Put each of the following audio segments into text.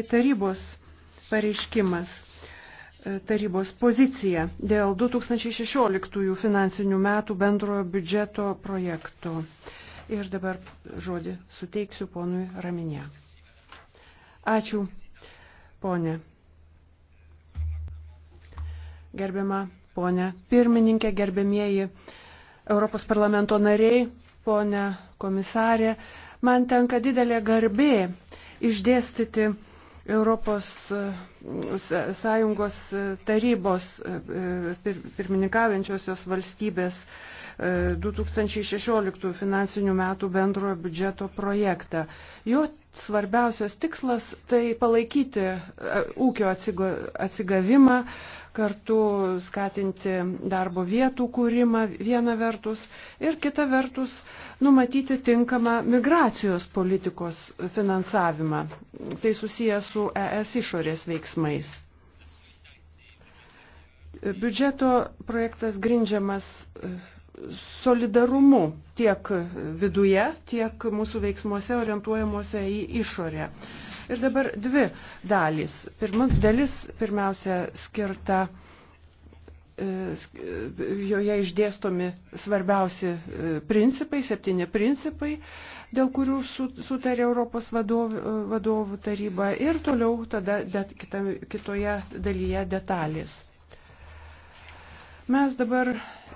tarybos pareiškimas, e, tarybos pozicija dėl 2016 finansinių metų bendrojo biudžeto projekto. Ir dabar žodį suteiksiu ponui Raminė. Ačiū, ponė. Gerbiama ponė pirmininkė, gerbėmieji Europos parlamento nariai, ponė komisarė, man tenka didelė garbė išdėstyti Europos e, Sąjungos e, tarybos e, pirmininkaujančiosios valstybės 2016 finansinių metų bendrojo biudžeto projektą. Jo svarbiausias tikslas tai palaikyti ūkio atsigavimą, kartu skatinti darbo vietų kūrimą viena vertus ir kita vertus numatyti tinkamą migracijos politikos finansavimą. Tai susijęs su ES išorės veiksmais. Biudžeto projektas grindžiamas e, solidarumu tiek viduje, tiek mūsų veiksmuose orientuojamuose į išorę. Ir dabar dvi dalys. Pirma dalis pirmiausia skirta, e, e, joje išdėstomi svarbiausi e, principai, septyni principai, dėl kurių sutarė Europos vadovų, vadovų taryba ir toliau tada det, kita, kitoje dalyje detalės. Mes dabar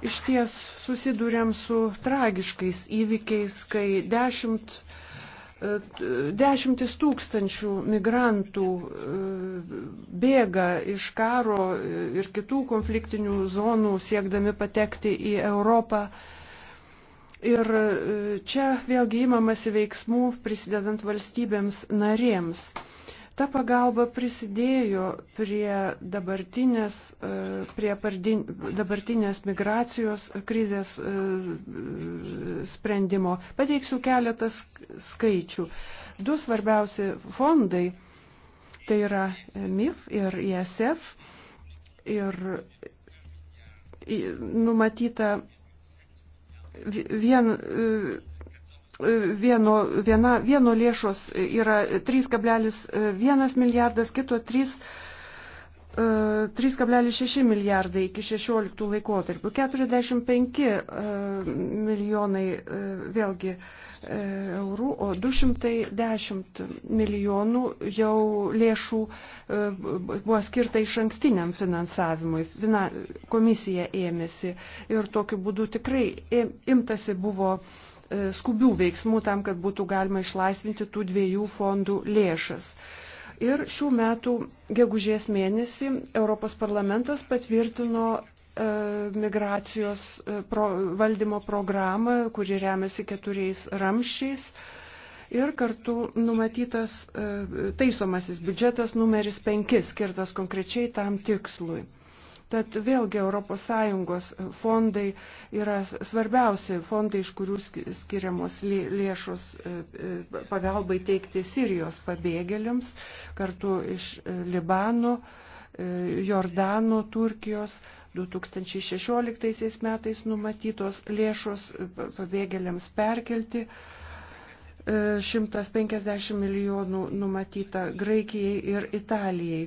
iš ties susidūrėm su tragiškais įvykiais, kai dešimt dešimtis tūkstančių migrantų e, bėga iš karo e, ir kitų konfliktinių zonų siekdami patekti į Europą. Ir e, čia vėlgi įmamasi veiksmų prisidedant valstybėms narėms. Ta pagalba prisidėjo prie dabartinės, e, prie pardin, dabartinės migracijos krizės e, sprendimo. Pateiksiu keletą skaičių. Du svarbiausi fondai, tai yra MIF ir ISF, ir numatyta vien vieno, viena, vieno lėšos yra 3,1 e, milijardas, kito 3. 3,6 e, milijardai iki 16 laikotarpių, 45 e, milijonai vėlgi eurų, o 210 milijonų jau lėšų buvo skirta iš ankstiniam finansavimui. Fina, komisija ėmėsi ir tokiu būdu tikrai imtasi buvo uh, E, skubių veiksmų tam, kad būtų galima išlaisvinti tų dviejų fondų lėšas. Ir šių metų gegužės mėnesį Europos parlamentas patvirtino e, migracijos e, pro, valdymo programą, kuri remiasi keturiais ramšiais. Ir kartu numatytas taisomasis biudžetas numeris 5, skirtas konkrečiai tam tikslui. Tad vėlgi ES fondai yra svarbiausi fondai, iš kurių skiriamos lėšos e, e, pagalbai teikti Sirijos pabėgėliams, kartu iš e, Libano, Jordano, Turkijos. 2016 metais numatytos lėšos pabėgėliams perkelti. 150 milijonų numatyta Graikijai ir Italijai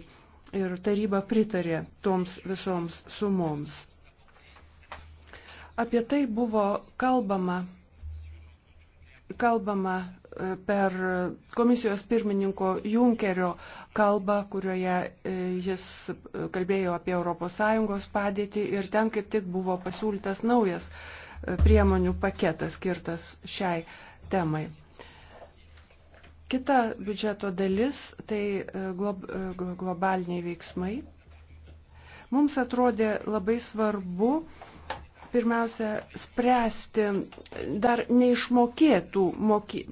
ir taryba pritarė toms visoms sumoms. Apie tai buvo kalbama, kalbama e, per komisijos pirmininko Junkerio kalbą, kurioje e, jis e, kalbėjo apie ES padėtį ir ten kaip tik buvo pasiūlytas naujas priemonių paketas skirtas šiai temai. Kita biudžeto dalis - tai e, glob, e, globaliniai veiksmai. Mums atrodė labai svarbu pirmiausia spręsti dar neišmokėtų moky,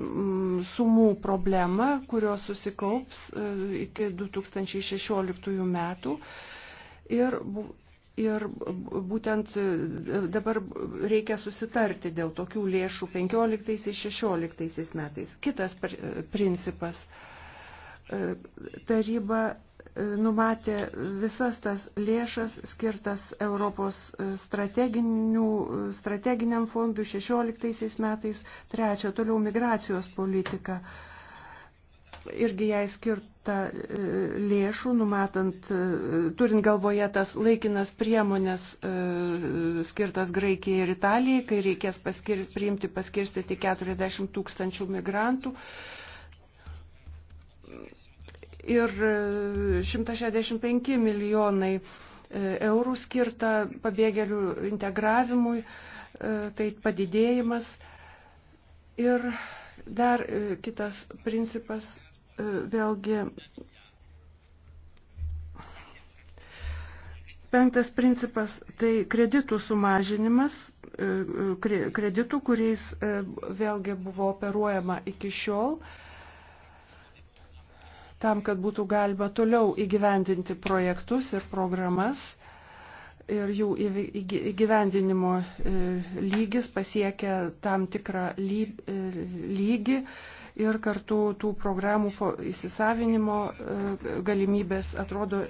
sumų problemą, kurios susikaups e, iki 2016 metų. Ir Ir būtent e, dabar reikia susitarti dėl tokių lėšų 15-16 metais. Kitas principas. E, taryba e, numatė visas tas lėšas skirtas Europos strateginiam fondui 16 metais, trečia toliau migracijos politika irgi jai skirta e, lėšų, numatant, e, turint galvoje tas laikinas priemonės e, skirtas Graikijai ir Italijai, kai reikės paskir, priimti paskirstyti 40 tūkstančių migrantų. Ir 165 milijonai eurų skirta pabėgėlių integravimui, tai padidėjimas. Ir dar kitas principas vėlgi Penktas principas - tai kreditų sumažinimas, e, kreditų, kuriais e, vėlgi buvo operuojama iki šiol, tam, kad būtų galima toliau įgyvendinti projektus ir programas ir jų įgyvendinimo e, lygis pasiekia tam tikrą e, lygį ir kartu tų programų įsisavinimo e, galimybės atrodo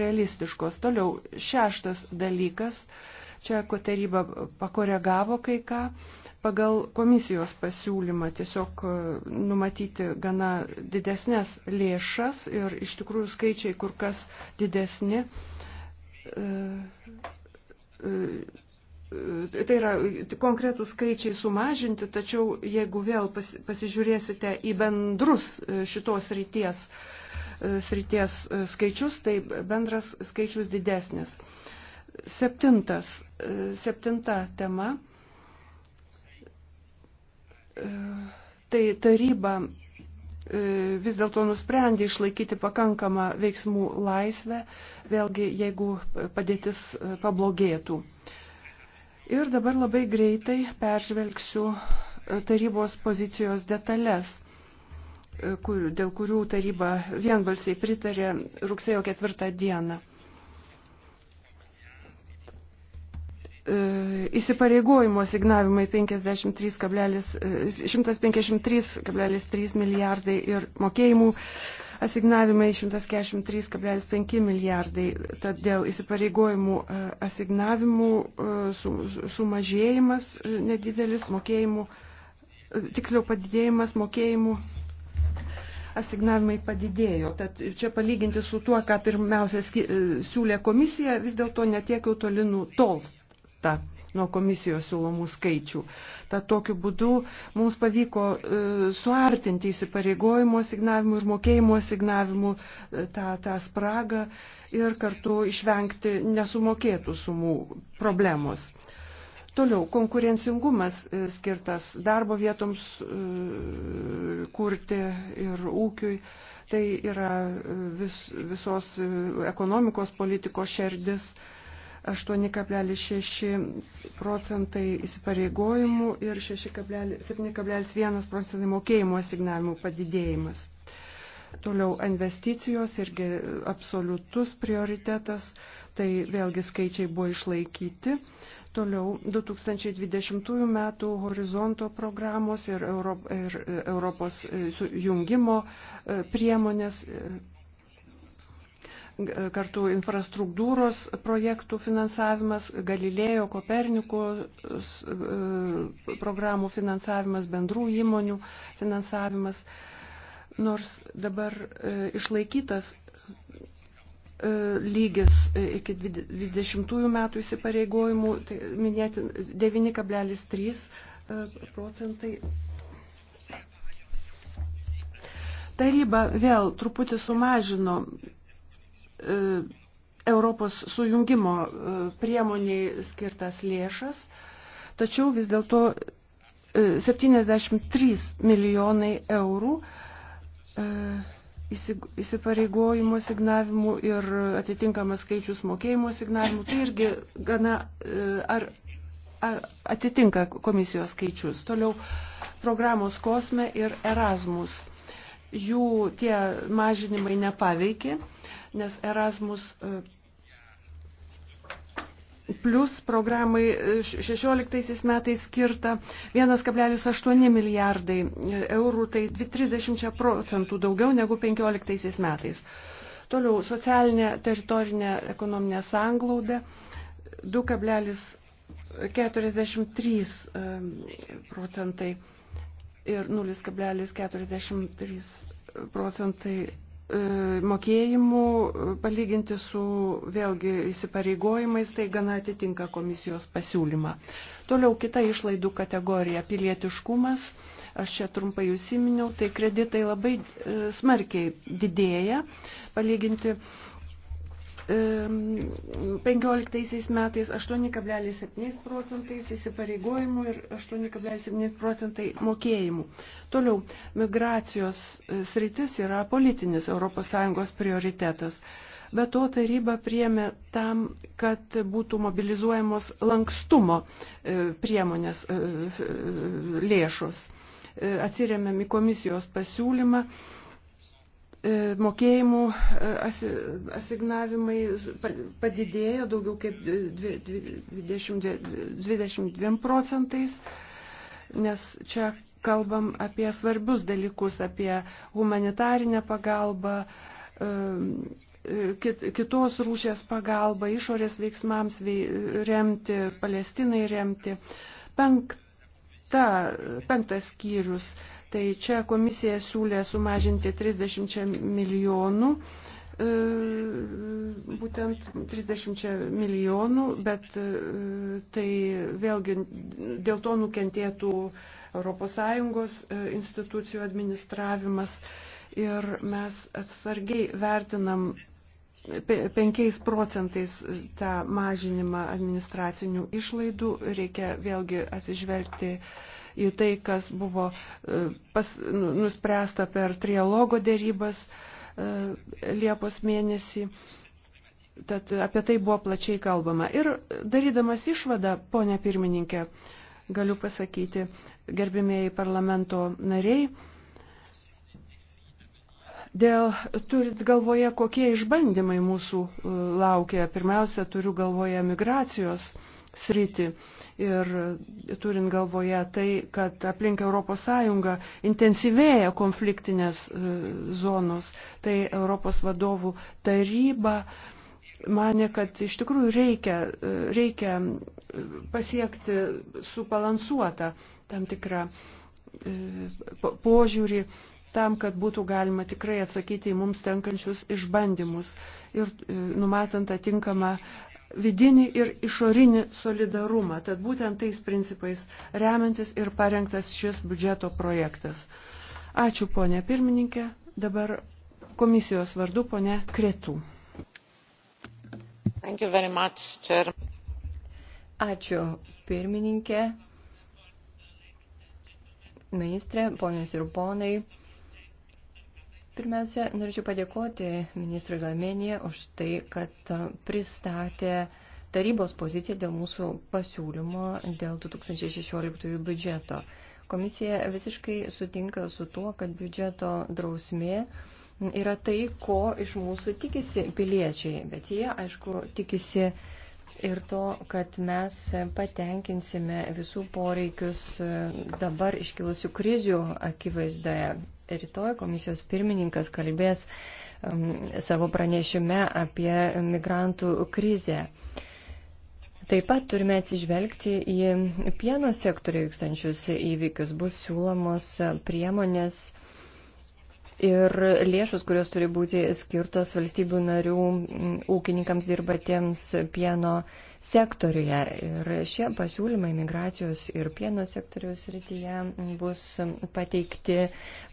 realistiškos. Toliau, šeštas dalykas, čia ko taryba pakoregavo kai ką, pagal komisijos pasiūlymą tiesiog numatyti gana didesnės lėšas ir iš tikrųjų skaičiai kur kas didesni E, e, tai yra konkretų skaičiai sumažinti, tačiau jeigu vėl pasižiūrėsite į bendrus e, šitos ryties, srities skaičius, tai bendras skaičius didesnis. Septintas, septinta tema. Tai taryba E, vis dėlto nusprendė išlaikyti pakankamą veiksmų laisvę, vėlgi jeigu padėtis e, pablogėtų. Ir dabar labai greitai peržvelgsiu e, tarybos pozicijos detalės, kur, dėl kurių taryba vienbalsiai pritarė rugsėjo ketvirtą dieną. E, įsipareigojimo asignavimai 153,3 e, milijardai ir mokėjimų asignavimai 143,5 milijardai. Tad dėl įsipareigojimų e, asignavimų sumažėjimas nedidelis mokėjimų, tiksliau padidėjimas mokėjimų asignavimai padidėjo. Tad čia palyginti su tuo, ką pirmiausia siūlė komisija, vis dėlto netiek jau tolinų nu tolsta kartą nuo komisijos siūlomų skaičių. Tad tokiu būdu mums pavyko e, suartinti įsipareigojimo signavimų ir mokėjimo signavimų e, tą, tą spragą ir kartu išvengti nesumokėtų sumų problemos. Toliau, konkurencingumas e, skirtas darbo vietoms e, kurti ir ūkiui. Tai yra e, vis, visos e, ekonomikos politikos šerdis. E, 8,6 procentai įsipareigojimų ir 7,1 procentai mokėjimo asignavimų padidėjimas. Toliau investicijos irgi absoliutus prioritetas, tai vėlgi skaičiai buvo išlaikyti. Toliau 2020 metų horizonto programos ir Europos jungimo e, priemonės e, kartu infrastruktūros projektų finansavimas, Galilėjo, Koperniko e, programų finansavimas, bendrų įmonių finansavimas. Nors dabar e, išlaikytas e, lygis iki 20 metų įsipareigojimų, tai minėti 9,3 procentai taryba vėl truputį sumažino E, Europos sujungimo e, priemoniai skirtas lėšas, tačiau vis dėlto 73 e, milijonai eurų įsipareigojimo signavimų ir atitinkamas skaičius mokėjimo signavimų, tai irgi gana ar, ar atitinka komisijos skaičius. Toliau programos Kosme ir Erasmus. Jų tie mažinimai nepaveikė. Uh, nes Erasmus e, plus programai 16 e, metais skirta 1,8 milijardai e, eurų, tai 30 procentų daugiau negu 15 metais. Toliau socialinė teritorinė ekonominė sanglauda 2,43 procentai ir 0,43 procentai E, mokėjimų e, palyginti su vėlgi įsipareigojimais, tai gana atitinka komisijos pasiūlymą. Toliau kita išlaidų kategorija - pilietiškumas. Aš čia trumpai jūs įminiau, tai kreditai labai e, smarkiai didėja palyginti 15 metais 8,7 procentais įsipareigojimų ir 8,7 procentai mokėjimų. Toliau, migracijos e, sritis yra politinis ES prioritetas. Be to taryba priemė tam, kad būtų mobilizuojamos lankstumo e, priemonės e, lėšos. Atsiriamėm į komisijos pasiūlymą E, mokėjimų e, asignavimai padidėjo daugiau kaip 22 procentais, nes čia kalbam apie svarbius dalykus, apie humanitarinę pagalbą, e, kitos rūšės pagalbą, išorės veiksmams remti, Palestinai remti. Penkta, penktas skyrius Tai čia komisija siūlė sumažinti 30 milijonų, e, būtent 30 milijonų, bet e, tai vėlgi dėl to nukentėtų ES e, institucijų administravimas ir mes atsargiai vertinam 5 procentais tą mažinimą administracinių išlaidų. Reikia vėlgi atsižvelgti į tai, kas buvo e, pas, nu, nuspręsta per trialogo dėrybas e, Liepos mėnesį. Tad apie tai buvo plačiai kalbama. Ir darydamas išvadą, ponia pirmininkė, galiu pasakyti, gerbimieji parlamento nariai, Dėl, turit galvoje, kokie išbandymai mūsų e, laukia. Pirmiausia, turiu galvoje migracijos sritį. Ir turint galvoje tai, kad aplink ES intensyvėja konfliktinės e, zonos, tai Europos vadovų taryba mane, kad iš tikrųjų reikia, e, reikia pasiekti subalansuotą tam tikrą e, požiūrį tam, kad būtų galima tikrai atsakyti į mums tenkančius išbandymus ir numatant atinkamą vidinį ir išorinį solidarumą. Tad būtent tais principais remiantis ir parengtas šis biudžeto projektas. Ačiū ponė pirmininkė. Dabar komisijos vardu ponė Kretų. Much, Ačiū pirmininkė, ministrė, ponios ir ponai. Pirmiausia, norėčiau padėkoti ministrui Lamenė už tai, kad pristatė tarybos poziciją dėl mūsų pasiūlymo dėl 2016 biudžeto. Komisija visiškai sutinka su tuo, kad biudžeto drausmė yra tai, ko iš mūsų tikisi piliečiai, bet jie, aišku, tikisi ir to, kad mes patenkinsime visų poreikius dabar iškilusių krizių akivaizdoje. Rytoj komisijos pirmininkas kalbės um, savo pranešime apie migrantų krizę. Taip pat turime atsižvelgti į pieno sektorių vykstančius įvykius. Bus siūlomos priemonės ir lėšus, kurios turi būti skirtos valstybių narių ūkininkams dirbatiems pieno sektoriuje. Ir šie pasiūlymai migracijos ir pieno sektoriaus rytyje bus pateikti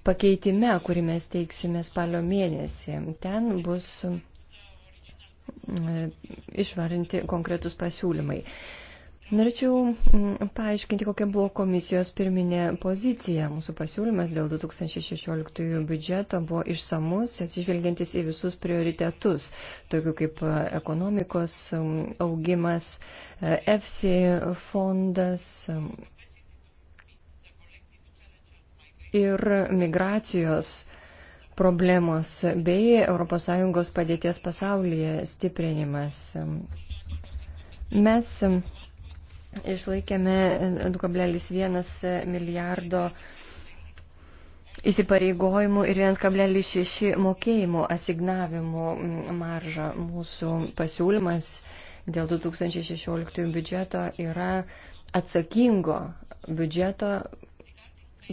pakeitime, kurį mes teiksime spalio mėnesį. Ten bus išvarinti konkretus pasiūlymai. Norėčiau mm, paaiškinti, kokia buvo komisijos pirminė pozicija. Mūsų pasiūlymas dėl 2016 biudžeto buvo išsamus, atsižvelgiantis į visus prioritetus, tokių kaip e, ekonomikos augimas, EFSI fondas ir migracijos problemos bei ES padėties pasaulyje stiprinimas. Mes išlaikėme 2,1 milijardo įsipareigojimų ir 1,6 mokėjimų asignavimų maržą. Mūsų pasiūlymas dėl 2016 biudžeto yra atsakingo biudžeto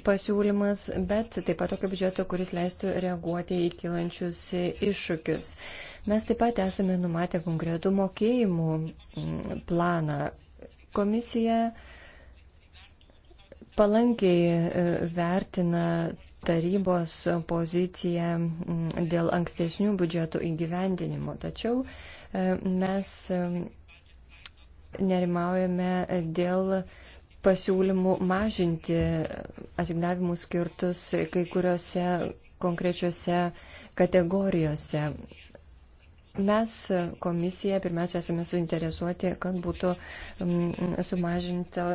pasiūlymas, bet taip pat tokio biudžeto, kuris leistų reaguoti į kylančius iššūkius. Mes taip pat esame numatę konkretų mokėjimų planą Komisija palankiai e, vertina tarybos poziciją dėl ankstesnių biudžetų įgyvendinimo, tačiau e, mes e, nerimaujame dėl pasiūlymų mažinti asignavimus skirtus kai kuriuose konkrečiose kategorijose. Mes komisija pirmiausia esame suinteresuoti, kad būtų mm, sumažinta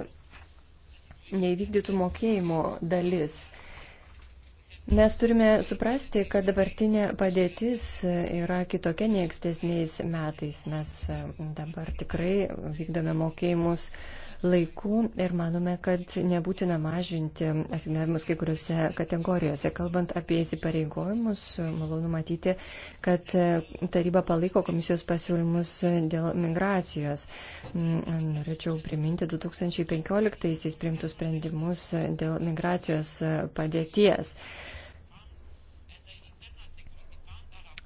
neįvykdytų mokėjimų dalis. Mes turime suprasti, kad dabartinė padėtis yra kitokia nei ankstesniais metais. Mes mm, dabar tikrai vykdome mokėjimus laikų ir manome, kad nebūtina mažinti asignavimus kai kuriuose kategorijose. Kalbant apie įsipareigojimus, malonu matyti, kad taryba palaiko komisijos pasiūlymus dėl migracijos. Norėčiau priminti 2015-aisiais primtus sprendimus dėl migracijos padėties.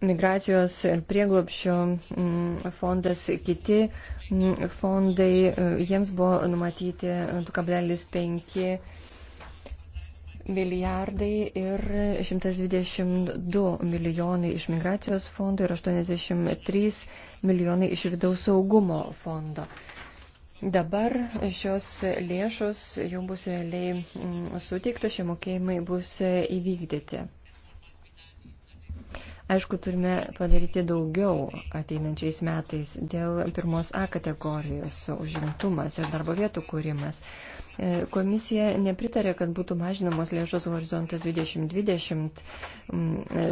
migracijos ir prieglopšio mm, fondas, kiti mm, fondai, e, jiems buvo numatyti 2,5 milijardai ir 122 milijonai iš migracijos fondo ir 83 milijonai iš vidaus saugumo fondo. Dabar šios lėšos jau bus realiai mm, suteiktos, šie mokėjimai bus įvykdyti. Aišku, turime padaryti daugiau ateinančiais metais dėl pirmos A kategorijos užimtumas ir darbo vietų kūrimas. E, komisija nepritarė, kad būtų mažinamos lėšos horizontas 2020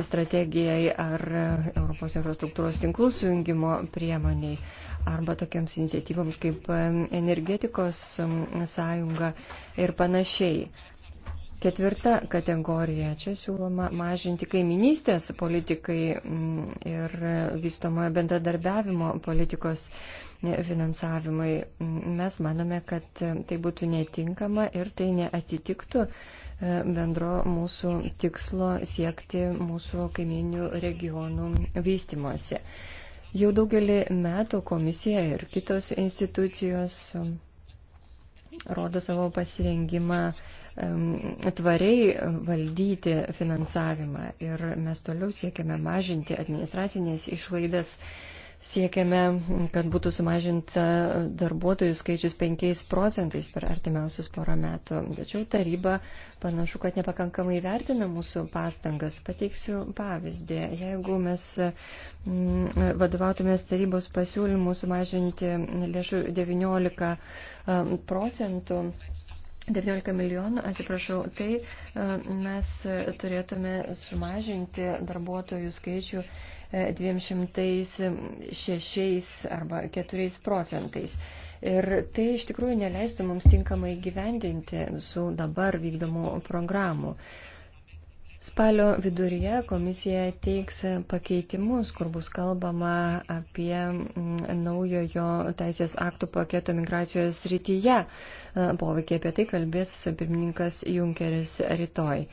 strategijai ar Europos infrastruktūros tinklų sujungimo priemoniai arba tokiams iniciatyvams kaip energetikos sąjunga ir panašiai. Ketvirta kategorija. Čia siūloma mažinti kaiminystės politikai mm, ir vystomojo bendradarbiavimo politikos finansavimai. Mes manome, kad tai būtų netinkama ir tai neatitiktų e, bendro mūsų tikslo siekti mūsų kaiminių regionų vystimosi. Jau daugelį metų komisija ir kitos institucijos rodo savo pasirengimą uh, tvariai valdyti finansavimą ir mes toliau siekiame mažinti administracinės išlaidas. Siekiame, kad būtų sumažinta darbuotojų skaičius 5 procentais per artimiausius porą metų. Tačiau taryba panašu, kad nepakankamai vertina mūsų pastangas. Pateiksiu pavyzdį. Jeigu mes mm, vadovautumės tarybos pasiūlymų sumažinti lėšų 19 procentų 19 milijonų, atsiprašau, tai e, mes turėtume sumažinti darbuotojų skaičių 206 e, arba 4 procentais. Ir tai iš tikrųjų neleistų mums tinkamai gyvendinti visų dabar vykdomų programų. Uh, Spalio viduryje komisija teiks pakeitimus, kur bus kalbama apie mm, naujojo teisės aktų paketo migracijos rytyje. E, poveikiai apie tai kalbės pirmininkas Junkeris rytoj.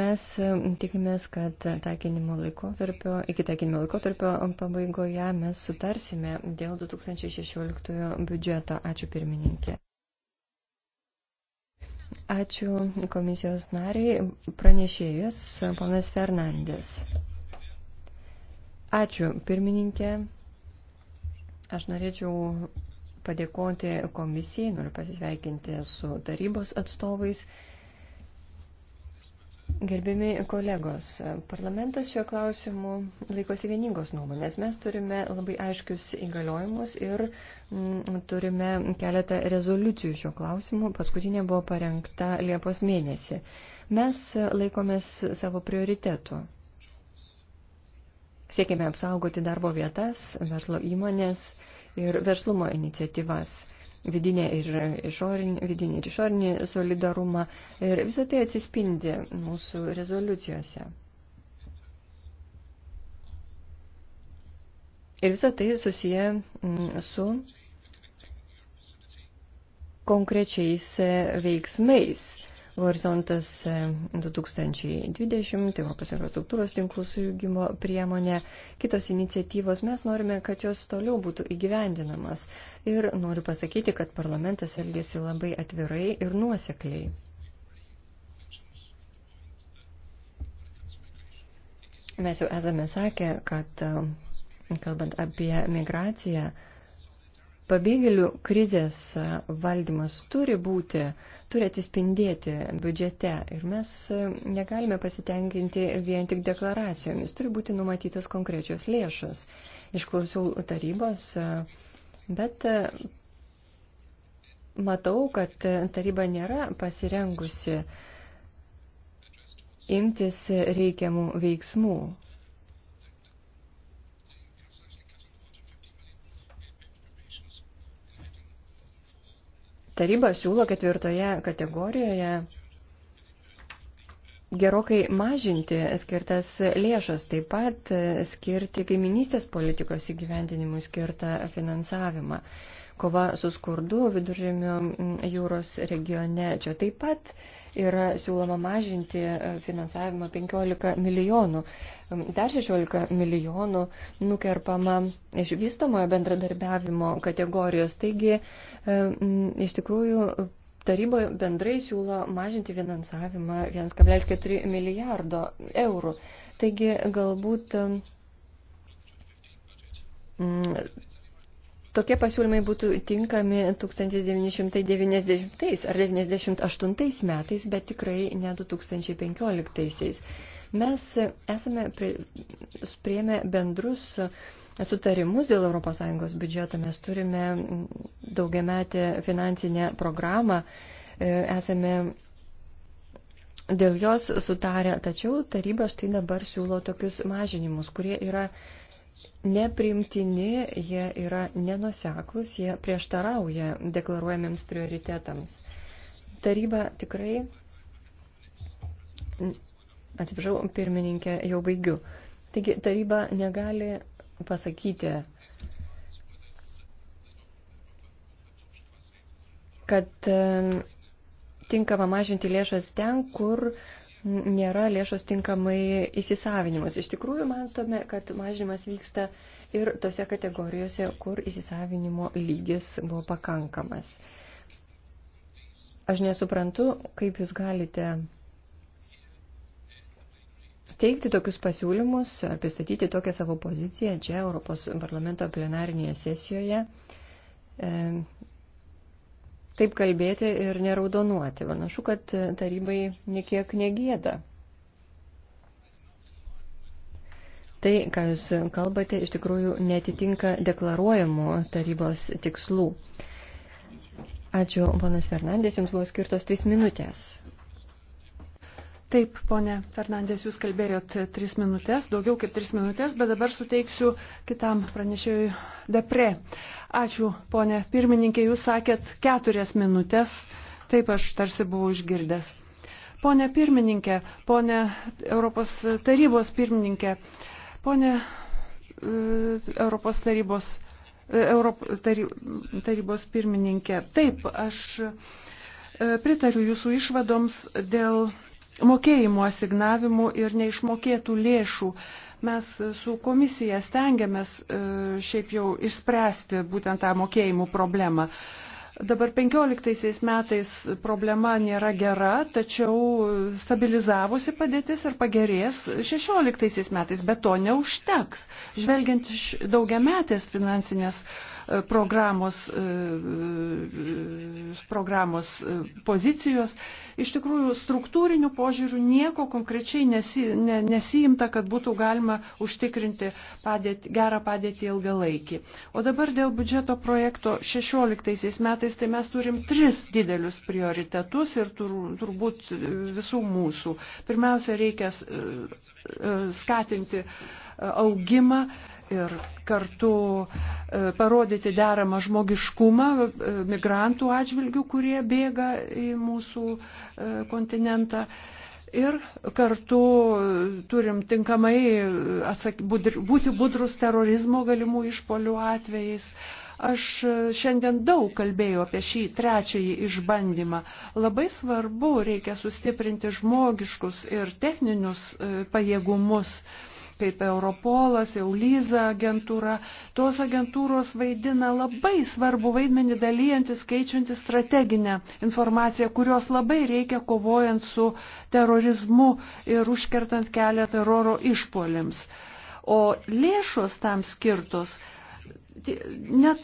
Mes mm, tikimės, kad taikinimo laikotarpio, iki taikinimo laikotarpio pabaigoje mes sutarsime dėl 2016 biudžeto. Ačiū pirmininkė. Ačiū komisijos nariai. Pranešėjas ponas Fernandės. Ačiū pirmininkė. Aš norėčiau padėkoti komisijai, noriu pasisveikinti su tarybos atstovais Gerbiami kolegos, parlamentas šiuo klausimu laikosi vieningos nuomonės. Mes turime labai aiškius įgaliojimus ir m, mm, turime keletą rezoliucijų šiuo klausimu. Paskutinė buvo parengta Liepos mėnesį. Mes laikomės savo prioritetų. Siekime apsaugoti darbo vietas, verslo įmonės ir verslumo iniciatyvas vidinę ir išorinį, vidinį ir išorinį solidarumą. Ir visą tai atsispindi mūsų rezoliucijose. Ir visą tai susiję mm, su konkrečiais e, veiksmais Horizontas 2020, e, tai Europos infrastruktūros tinklų sujungimo priemonė, kitos iniciatyvos, mes norime, kad jos toliau būtų įgyvendinamas. Ir noriu pasakyti, kad parlamentas elgėsi labai atvirai ir nuosekliai. Mes jau esame sakę, kad e, kalbant apie migraciją, Pabėgėlių krizės valdymas turi būti, turi atsispindėti biudžete ir mes negalime pasitenkinti vien tik deklaracijomis, turi būti numatytas konkrečios lėšos. Išklausiau tarybos, bet matau, kad taryba nėra pasirengusi imtis reikiamų veiksmų. Taryba siūlo ketvirtoje kategorijoje gerokai mažinti skirtas lėšas, taip pat skirti kaiminystės politikos įgyvendinimui skirtą finansavimą. Kova su skurdu viduržėmio jūros regione čia taip pat yra siūloma mažinti finansavimą 15 milijonų. Dar 16 milijonų nukerpama iš vystomojo bendradarbiavimo kategorijos. Taigi, iš tikrųjų, Taryba bendrai siūlo mažinti finansavimą 1,4 milijardo eurų. Taigi galbūt mm, tokie pasiūlymai būtų tinkami 1990 ar 1998 metais, bet tikrai ne 2015. -aisiais. Mes esame prie, prieėmę bendrus sutarimus dėl ES biudžeto. Mes turime daugiametę finansinę programą. E, esame dėl jos sutarę, tačiau taryba štai dabar siūlo tokius mažinimus, kurie yra nepriimtini, jie yra nenuseklus, jie prieštarauja deklaruojamiems prioritetams. Taryba tikrai Atsiprašau, pirmininkė, jau baigiu. Taigi taryba negali pasakyti, kad tinkama mažinti lėšas ten, kur nėra lėšos tinkamai įsisavinimas. Iš tikrųjų, matome, kad mažinimas vyksta ir tose kategorijose, kur įsisavinimo lygis buvo pakankamas. Aš nesuprantu, kaip jūs galite teikti tokius pasiūlymus ar pristatyti tokią savo poziciją čia Europos parlamento plenarinėje sesijoje. E, taip kalbėti ir neraudonuoti. Panašu, kad tarybai niekiek negėda. Tai, ką Jūs kalbate, iš tikrųjų netitinka deklaruojamų tarybos tikslų. Ačiū, ponas Fernandės, Jums buvo skirtos trys minutės. Taip, ponė Fernandės, jūs kalbėjot tris minutės, daugiau kaip tris minutės, bet dabar suteiksiu kitam pranešėjui Depre. Ačiū, ponė pirmininkė, jūs sakėt keturias minutės, taip aš tarsi buvau išgirdęs. Pone pirmininkė, ponė Europos tarybos pirmininkė, ponė e, Europos tarybos, e, Europ, tarybos pirmininkė, taip aš e, pritariu jūsų išvadoms dėl mokėjimų asignavimų ir neišmokėtų lėšų. Mes su komisija stengiamės e, šiaip jau išspręsti būtent tą mokėjimų problemą. Dabar 15 metais problema nėra gera, tačiau stabilizavusi padėtis ir pagerės 16 metais, bet to neužteks. Žvelgiant iš daugiametės finansinės e, programos, e, e, programos pozicijos, iš tikrųjų struktūrinių požiūrių nieko konkrečiai nesi, ne, nesijimta, kad būtų galima užtikrinti padėti, gerą padėtį ilgalaikį. O dabar dėl biudžeto projekto 16 metais metais, tai mes turim tris didelius prioritetus ir tur, turbūt visų mūsų. Pirmiausia, reikia e, e, skatinti e, augimą ir kartu parodyti deramą žmogiškumą migrantų atžvilgių, kurie bėga į mūsų kontinentą. Ir kartu turim tinkamai atsak, būti budrus terorizmo galimų išpolių atvejais. Uh, Aš šiandien daug kalbėjau apie šį trečiąjį išbandymą. Labai svarbu reikia sustiprinti žmogiškus ir techninius e, pajėgumus kaip Europolas, Eulyza agentūra. Tos agentūros vaidina labai svarbu vaidmenį dalyjantis, keičiantis strateginę informaciją, kurios labai reikia kovojant su terorizmu ir užkertant kelią teroro išpolims. O lėšos tam skirtos net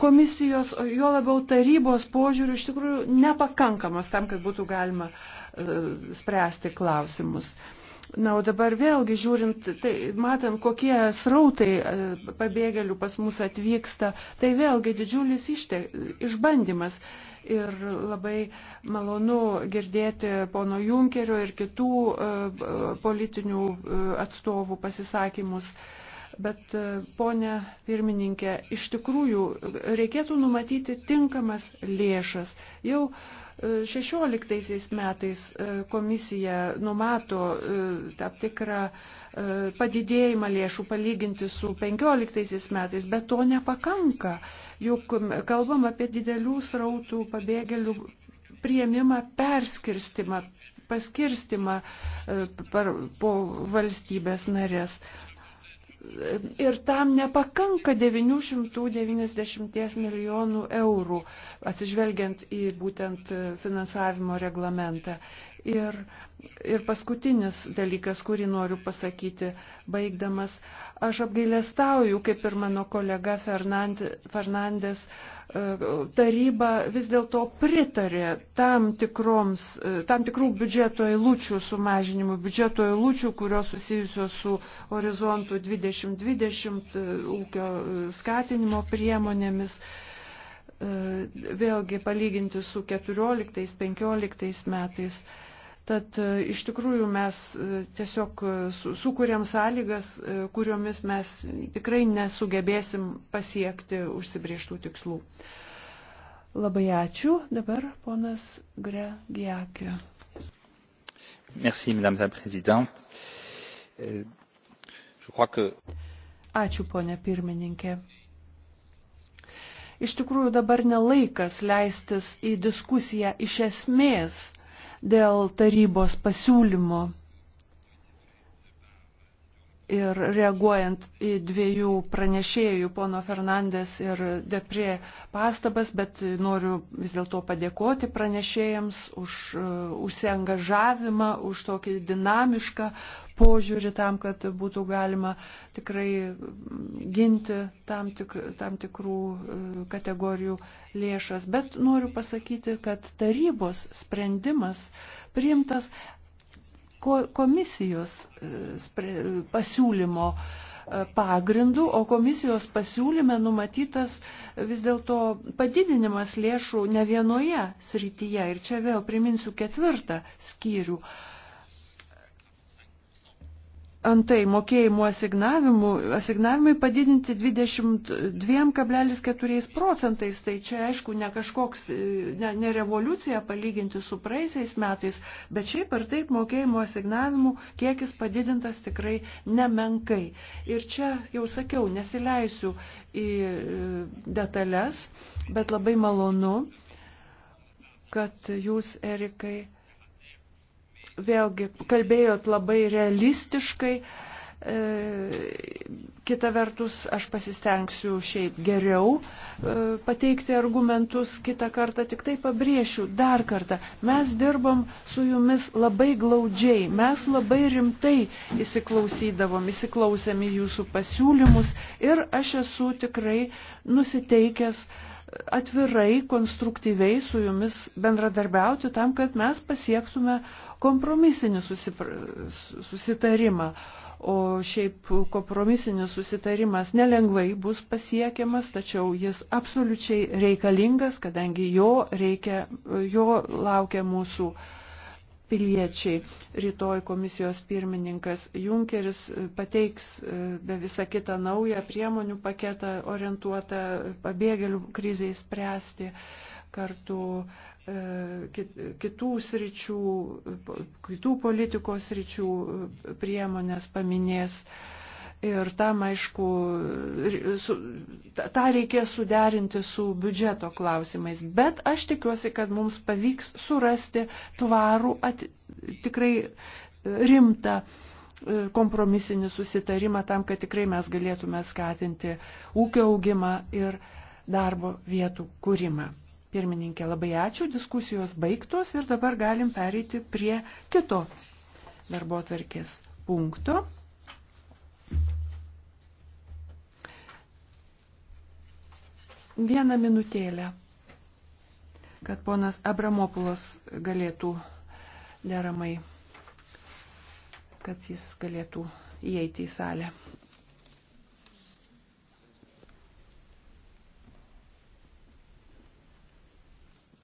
komisijos, jo labiau tarybos požiūrių iš tikrųjų nepakankamas tam, kad būtų galima e, spręsti klausimus. Na, o dabar vėlgi žiūrint, tai matant, kokie srautai e, pabėgėlių pas mus atvyksta, tai vėlgi didžiulis ište, išbandymas. Ir labai malonu girdėti pono Junkerio ir kitų e, politinių atstovų pasisakymus. Uh, Bet, e, ponė pirmininkė, iš tikrųjų reikėtų numatyti tinkamas lėšas. Jau 16 e, metais e, komisija numato tam tikrą padidėjimą lėšų palyginti su 15 metais, bet to nepakanka. Juk kalbam apie didelių srautų pabėgėlių prieimimą, perskirstimą, paskirstimą per, po valstybės narės ir tam nepakanka 990 milijonų eurų, atsižvelgiant į būtent finansavimo reglamentą. Ir, ir paskutinis dalykas, kurį noriu pasakyti, baigdamas, aš apgailestauju, kaip ir mano kolega Fernandės, e, taryba vis dėlto pritarė tam, tikroms, e, tam tikrų biudžeto eilučių sumažinimų, biudžeto eilučių, kurios susijusios su horizontų 2020 e, ūkio skatinimo priemonėmis vėlgi palyginti su 14-15 metais Tad e, iš tikrųjų mes e, tiesiog e, sukūrėm sąlygas, kuriomis mes tikrai nesugebėsim pasiekti užsibrieštų tikslų. Labai ačiū. Dabar ponas Gregiakė. Merci, madame la présidente. Euh, je crois que... Ačiū, ponė pirmininkė. Iš tikrųjų dabar nelaikas leistis į diskusiją iš esmės dėl tarybos pasiūlymo Ir reaguojant į dviejų pranešėjų, pono Fernandės ir Deprie pastabas, bet noriu vis dėlto padėkoti pranešėjams už uh, užsiengažavimą, už tokį dinamišką požiūrį tam, kad būtų galima tikrai mm, ginti tam, tik, tam tikrų uh, kategorijų lėšas. Bet noriu pasakyti, kad tarybos sprendimas priimtas komisijos e, pasiūlymo e, pagrindų, o komisijos pasiūlyme numatytas vis dėlto padidinimas lėšų ne vienoje srityje. Ir čia vėl priminsiu ketvirtą skyrių Antai mokėjimų asignavimai padidinti 22,4 procentais, tai čia aišku ne kažkoks, ne, ne revoliucija palyginti su praeisiais metais, bet šiaip ar taip mokėjimų asignavimų kiekis padidintas tikrai nemenkai. Ir čia jau sakiau, nesileisiu į e, detalės, bet labai malonu, kad jūs, Erikai, vėlgi kalbėjot labai realistiškai. E, kita vertus, aš pasistengsiu šiaip geriau e, pateikti argumentus kitą kartą, tik tai pabrėšiu dar kartą, mes dirbom su jumis labai glaudžiai, mes labai rimtai įsiklausydavom, įsiklausėm į jūsų pasiūlymus ir aš esu tikrai nusiteikęs e, atvirai, konstruktyviai su jumis bendradarbiauti tam, kad mes pasiektume kompromisinį susitarimą. O šiaip kompromisinis susitarimas nelengvai bus pasiekiamas, tačiau jis absoliučiai reikalingas, kadangi jo, reikia, jo laukia mūsų uh, piliečiai. Rytoj komisijos pirmininkas Junkeris e, pateiks e, be visą kitą naują priemonių paketą orientuotą pabėgėlių kriziai spręsti kartu e, kitų sričių, kitų politikos sričių priemonės paminės. Ir tam, aišku, su, tą reikės suderinti su biudžeto klausimais. Bet aš tikiuosi, kad mums pavyks surasti tvarų, at, tikrai e, rimtą e, kompromisinį susitarimą tam, kad tikrai mes galėtume skatinti ūkio augimą ir darbo vietų kūrimą. Pirmininkė, labai ačiū, diskusijos baigtos ir dabar galim pereiti prie kito darbo atverkės punkto. Vieną minutėlę, kad ponas Abramopulas galėtų deramai, kad jis galėtų įeiti į salę.